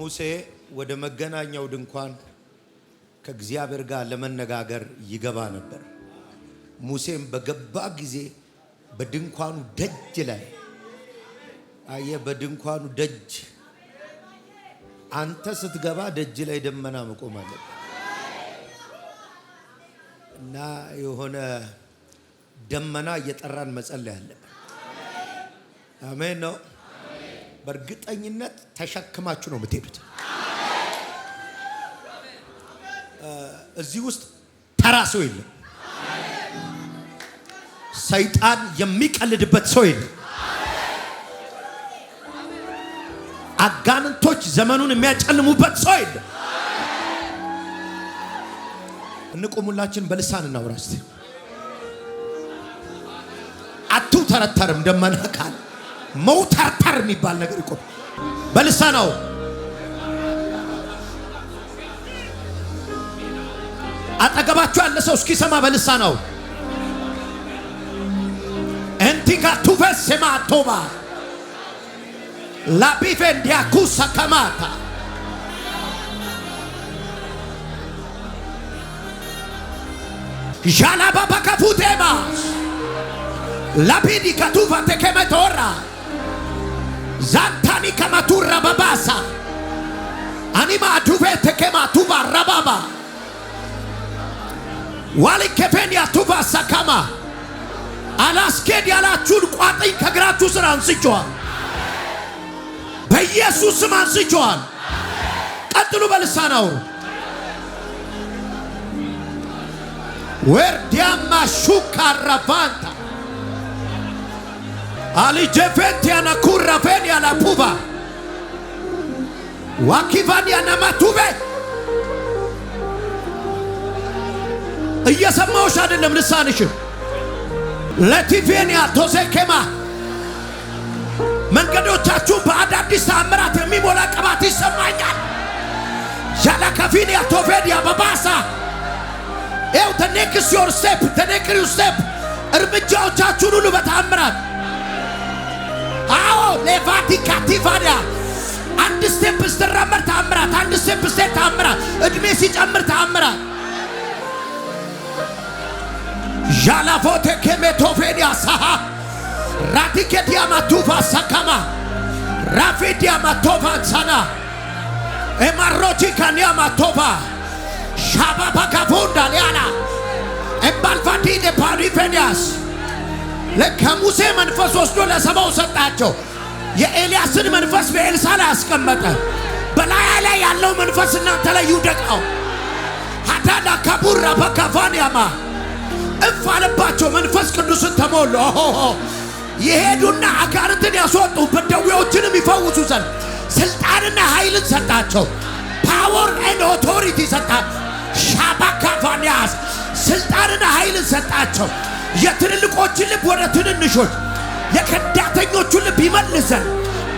ሙሴ ወደ መገናኛው ድንኳን ከእግዚአብሔር ጋር ለመነጋገር ይገባ ነበር። ሙሴም በገባ ጊዜ በድንኳኑ ደጅ ላይ አየ፣ በድንኳኑ ደጅ አንተ ስትገባ ደጅ ላይ ደመና መቆም አለበት እና የሆነ ደመና እየጠራን መጸለይ አለ አሜን ነው። በእርግጠኝነት ተሸክማችሁ ነው የምትሄዱት። እዚህ ውስጥ ተራ ሰው የለም። ሰይጣን የሚቀልድበት ሰው የለም። አጋንንቶች ዘመኑን የሚያጨልሙበት ሰው የለም። እንቁሙላችን በልሳን እናውራ አቱ ተረተርም ደመና ካለ መውተርተር የሚባል ነገር ይቆም። ነው። አጠገባችሁ ያለ ሰው እስኪሰማ ነው። እንቲካ ቱቨስ ሴማቶባ ላቢፌ እንዲያኩሳ ከማታ ዣላባባከፉቴማ ላቢዲ ከቱቫ ቴኬመቶራ ዛንታኒ ከመቱራ በባሳ አኒማ ዱቤት ከማቱባ ረባባ ዋሊኬፌን ያቱባ ሰካማ አላስኬድ ያላችሁን ቋጥኝ ከእግራችሁ ስር አንስቼዋል። በኢየሱስ ስም አንስቼዋል። ቀጥሉ በልሳን አውሩ። ወርዲያማ ሹካራቫንታ alijefeti anakura feni anapuva ዋኪቫን ያናማቱቤ እየሰማዎች አይደለም ልሳንሽን ለቲቬኒያ ቶሴኬማ መንገዶቻችሁ በአዳዲስ ተአምራት የሚሞላ ቅባት ይሰማኛል። ያላከፊኒያ ቶፌዲያ በባሳ ኤው ተኔክስ ዮር ስቴፕ ተኔክስ ስቴፕ እርምጃዎቻችሁን ሁሉ በተአምራት አዎ ለቫቲካ ቲቫዲያ አንድ ስቴፕ ስትራመድ ታምራት፣ አንድ ስቴፕ ስትሄድ ታምራት፣ እድሜ ሲጨምር ታምራት። ዣላፎቴ ኬሜቶፌንያ ሳሃ ራቲኬትያ ማቱፋ ሳካማ ራፊዲያ ማቶፋ ሳና ኤማሮቺ ካኒያ ማቶፋ ሻባባ ካፉንዳ ሊያና ኤምባልፋቲኔ ከሙሴ መንፈስ ወስዶ ለሰባው ሰጣቸው። የኤልያስን መንፈስ በኤልሳ ላይ አስቀመጠ። በላያ ላይ ያለው መንፈስ እናንተ ላይ ይውደቃው። ሀዳዳ ከቡራ በከፋን ያማ እፍ አለባቸው። መንፈስ ቅዱስን ተሞሉ። የሄዱና አጋርትን ያስወጡ በደዌዎችንም ይፈውሱ ዘንድ ስልጣንና ኃይልን ሰጣቸው። ፓወር ኤንድ ኦቶሪቲ ሰጣቸው። ሻባካፋንያስ ስልጣንና ኃይልን ሰጣቸው። የትልልቆችን ልብ ወደ ትንንሾች፣ የከዳተኞቹን ልብ ይመልሰን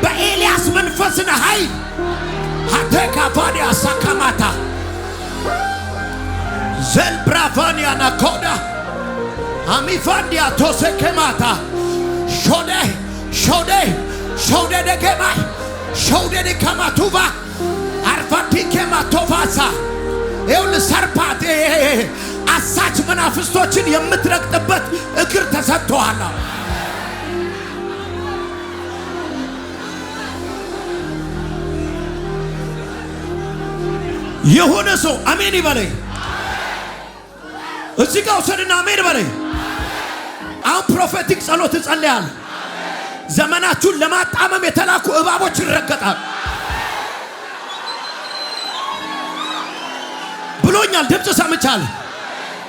በኤልያስ መንፈስን ኃይል ሀቴካፋንያ ሳካማታ ዘልብራፋንያ ናኮዳ አሚፋንዲያ ቶሴኬማታ ሾዴ ሾዴ ሾዴ ደገማ ሾዴ ደከማቱባ አርፋቲኬማቶፋሳ ይሁን ሰርፓት አሳች መናፍስቶችን የምትረግጥበት እግር ተሰጥቶሃል። የሆነ ሰው አሜን ይበለኝ። እዚህ ጋር ውሰድና አሜን በለይ። አሁን ፕሮፌቲክ ጸሎት እጸልያለሁ። ዘመናችሁን ለማጣመም የተላኩ እባቦች ይረገጣል። ብሎኛል። ድምፅ ሰምቻለሁ።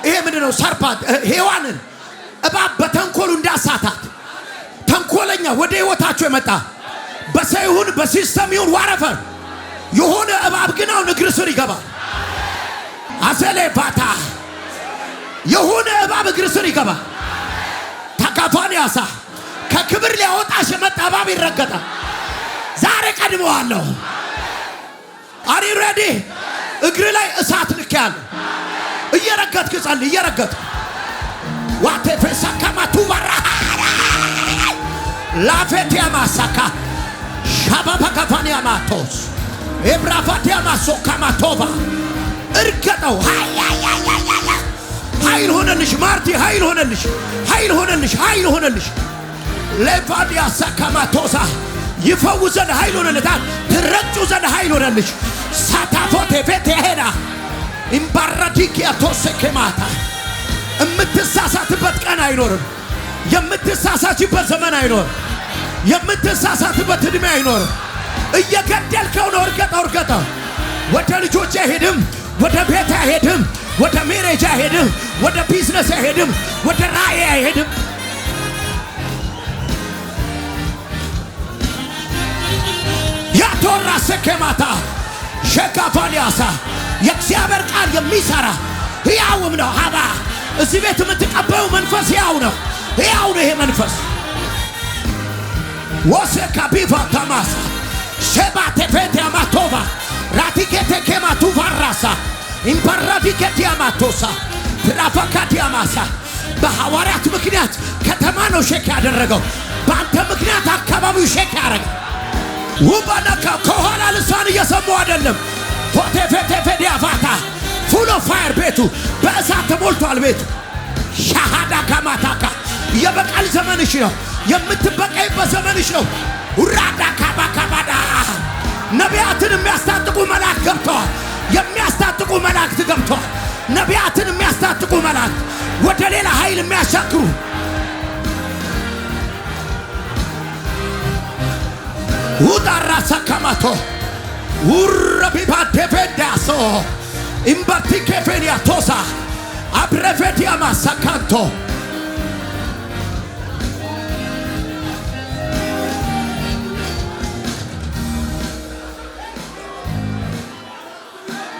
ይሄ ምንድን ነው? ሰርፓት ሔዋንን እባብ በተንኮሉ እንዳሳታት ተንኮለኛ ወደ ህይወታቸው የመጣ በሰው ይሁን በሲስተም ይሁን ዋረፈር የሆነ እባብ ግን አሁን እግር ስር ይገባል። አሰሌ ባታ የሆነ እባብ እግር ስር ይገባል። ተካፋን ያሳ ከክብር ሊያወጣሽ የመጣ እባብ ይረገጣል። ዛሬ ቀድመዋለሁ። አሪ ሬዲ እግር ላይ እሳት ልክ ያለ እየረገጥክ ጸልይ። እየረገጥክ ዋቴ ፌሳካማቱ ባራ ላፌቲያ ማሳካ ሻባባካፋኒያ ማቶስ ኤብራፋቲያ ማሶካማቶባ እርገጠው። ኃይል ሆነልሽ ማርቲ፣ ኃይል ሆነልሽ፣ ኃይል ሆነልሽ፣ ኃይል ሆነልሽ። ሌፋዲያ ሳካማቶሳ ይፈውስ ይፈውዘን ኃይል ሆነልታል። ትረጩ ዘንድ ኃይል ሆነልሽ። ሳታፎቴ ቤቴ ሄዳ ኢምባራዲኪያ ቶሴኬማታ የምትሳሳትበት ቀን አይኖርም። የምትሳሳችበት ዘመን አይኖርም። የምትሳሳትበት እድሜ አይኖርም። እየገደልከው ነው። እርገጠው እርገጠው ወደ ልጆች አይሄድም። ወደ ቤት አይሄድም። ወደ ሜሬጅ አይሄድም። ወደ ቢዝነስ አይሄድም። ወደ ራእይ አይሄድም። ያቶራ ሴኬማታ ሸካፋንያሳ የሚሰራ ሕያውም ነው። ሀባ እዚህ ቤት የምትቀበዩ መንፈስ ሕያው ነው። ሕያው ነው ይሄ መንፈስ ወሴካ ቢቫ ተማሳ ሼባ ቴፌቴያማቶቫ ራቲኬቴኬማቱቫራሳ ኢምፐራዲኬትያማቶሳ ትራፋካትያማሳ በሐዋርያት ምክንያት ከተማ ነው ሼክ ያደረገው። በአንተ ምክንያት አካባቢው ሼክ ያደረገ ውበነካ ከኋላ ልሳን እየሰሙ አይደለም ሆቴፌቴፌዲያፋታ ፉሎ ፋየር ቤቱ በእሳት ተሞልቷል። ቤቱ ሻሃዳ ካማታካ የበቀል ዘመንሽ ነው። የምትበቀይበት ዘመንሽ ነው። ውራዳ ካባካባዳ ነቢያትን የሚያስታጥቁ መላእክት ገብተዋል። የሚያስታጥቁ መላእክት ገብተዋል። ነቢያትን የሚያስታጥቁ መላእክት ወደ ሌላ ኃይል የሚያሻግሩ ውጣራ ሰከማቶ ውረቢባ ዴፌንዳሶ ኢምባቲኬፌንያ ቶሳ አብረፌዲያማ ሰካንቶ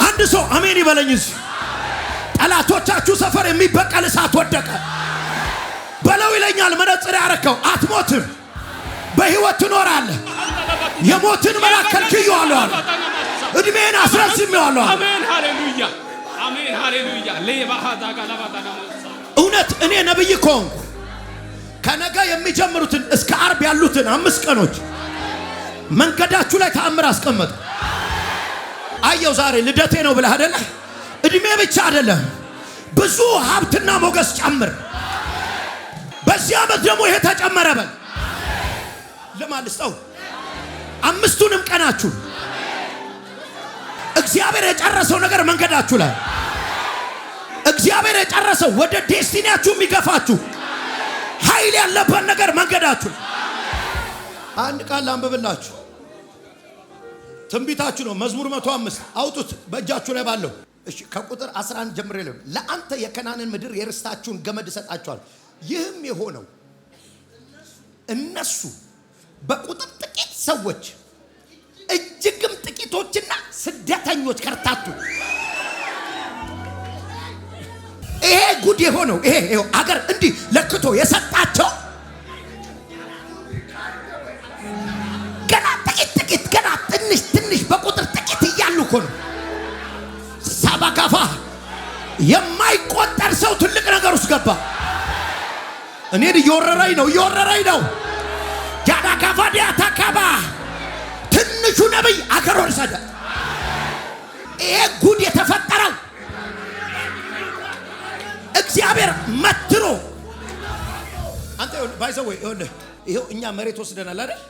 አንድ ሰው አሜን ይበለኝ። እዚህ ጠላቶቻችሁ ሰፈር የሚበቀል እሳት ወደቀ በለው ይለኛል። መነጽር ያረከው አትሞትም፣ በሕይወት ትኖራለህ። የሞትን መላከል ክዩ አለዋል። እድሜን አስረዝም ይዋለዋል። ሃሌሉያ አሜን ሃሌሉያ እውነት እኔ ነብይ ከሆንኩ ከነገ የሚጀምሩትን እስከ አርብ ያሉትን አምስት ቀኖች መንገዳችሁ ላይ ተአምር አስቀመጥ። አየው ዛሬ ልደቴ ነው ብለህ አደለ እድሜ ብቻ አይደለም፣ ብዙ ሀብትና ሞገስ ጨምር። በዚህ ዓመት ደግሞ ይሄ ተጨመረ በል። ልማልስጠው አምስቱንም ቀናችሁ እግዚአብሔር የጨረሰው ነገር መንገዳችሁ ላይ እግዚአብሔር የጨረሰው ወደ ዴስቲኒያችሁ የሚገፋችሁ ኃይል ያለበት ነገር መንገዳችሁ አንድ ቃል ላንብብላችሁ። ትንቢታችሁ ነው። መዝሙር መቶ አምስት አውጡት በእጃችሁ ላይ ባለው እሺ፣ ከቁጥር 11 ጀምሬ ለ ለአንተ የከናንን ምድር የርስታችሁን ገመድ እሰጣችኋል። ይህም የሆነው እነሱ በቁጥር ጥቂት ሰዎች እጅግም ጥቂቶችና ስደተኞች ከርታቱ። ይሄ ጉድ የሆነው ይሄ አገር እንዲህ ለክቶ የሰጣቸው ገና ጥቂት ጥቂት ገና ትንሽ ትንሽ በቁጥር ጥቂት እያሉ እኮ ነው። ሳባጋፋ የማይቆጠር ሰው ትልቅ ነገር ውስጥ ገባ። እኔን እየወረረኝ ነው፣ እየወረረኝ ነው። ጃዳጋፋዲያ ተከባ ትንሹ ነብይ አገር ወርሰደ። ይሄ ጉድ የተፈጠረው እግዚአብሔር መትሮ አንተ ባይሰው ወይ ይኸው እኛ መሬት ወስደናል አይደል?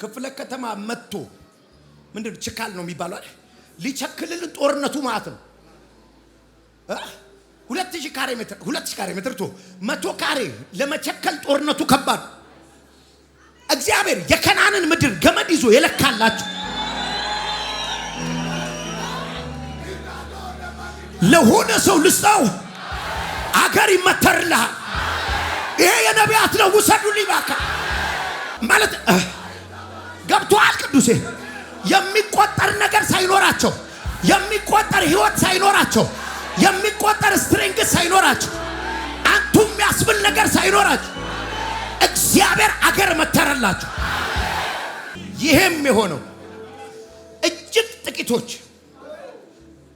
ክፍለ ከተማ መጥቶ ምንድን ችካል ነው የሚባለው አይደል? ሊቸክልልን ጦርነቱ ማለት ነው። ሁለት ሺህ ካሬ ሜትር ሁለት ሺህ ካሬ ሜትር መቶ ካሬ ለመቸከል ጦርነቱ ከባድ እግዚአብሔር የከናንን ምድር ገመድ ይዞ የለካላችሁ ለሆነ ሰው ልስጠው፣ አገር ይመተርልሃል። ይሄ የነቢያት ነው። ውሰዱልኝ ባካ ማለት ገብቶሃል? ቅዱሴ የሚቆጠር ነገር ሳይኖራቸው የሚቆጠር ህይወት ሳይኖራቸው የሚቆጠር ስትሪንግ ሳይኖራቸው አንቱም ያስብል ነገር ሳይኖራቸው እግዚአብሔር አገር መተረላችሁ። ይህም የሆነው እጅግ ጥቂቶች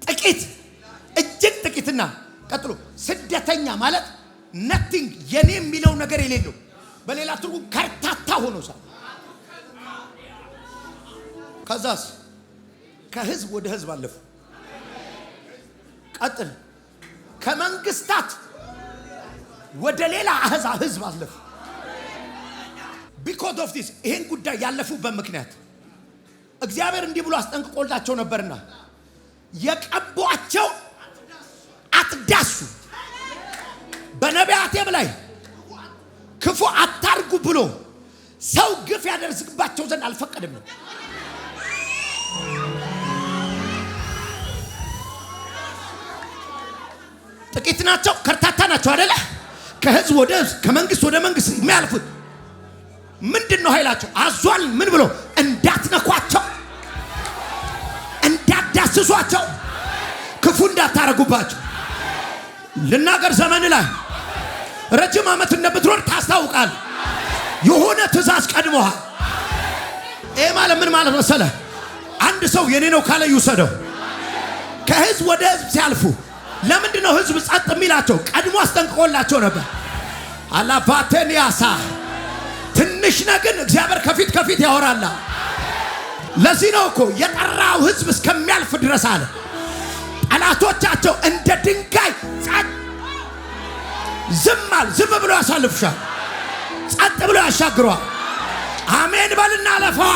ጥቂት እጅግ ጥቂትና ቀጥሎ ስደተኛ ማለት ነቲንግ የኔ የሚለው ነገር የሌለው በሌላ ትርጉም ከርታታ ሆኖ ሳ ከዛስ ከህዝብ ወደ ህዝብ አለፉ። ቀጥል ከመንግስታት ወደ ሌላ አህዛ ህዝብ አለፉ። ቢኮዝ ኦፍ ዲስ ይህን ጉዳይ ያለፉበት ምክንያት እግዚአብሔር እንዲህ ብሎ አስጠንቅቆላቸው ነበርና የቀቧቸው አትዳሱ፣ በነቢያቴም ላይ ክፉ አታርጉ ብሎ ሰው ግፍ ያደርስባቸው ዘንድ አልፈቀድም ጥቂት ናቸው፣ ከርታታ ናቸው አይደለ? ከህዝብ ወደ ህዝብ፣ ከመንግስት ወደ መንግስት የሚያልፉት ምንድን ነው ኃይላቸው? አዟል ምን ብሎ እንዳትነኳቸው፣ እንዳዳስሷቸው፣ ክፉ እንዳታረጉባቸው። ልናገር ዘመን ላይ ረጅም ዓመት እንደምትኖር ታስታውቃል። የሆነ ትእዛዝ ቀድሞሃ። ይህ ማለት ምን ማለት መሰለ? አንድ ሰው የኔ ነው ካለ ይውሰደው። ከህዝብ ወደ ህዝብ ሲያልፉ ለምንድነው ህዝብ ጸጥ የሚላቸው? ቀድሞ አስጠንቅቆላቸው ነበር። አላፋቴን ያሳ ትንሽ ግን እግዚአብሔር ከፊት ከፊት ያወራል! ለዚህ ነው እኮ የጠራው ህዝብ እስከሚያልፍ ድረስ አለ። ጠላቶቻቸው እንደ ድንጋይ ዝም አል ዝም ብሎ ያሳልፍሻል፣ ጸጥ ብሎ ያሻግረዋል። አሜን በልና አለፈዋ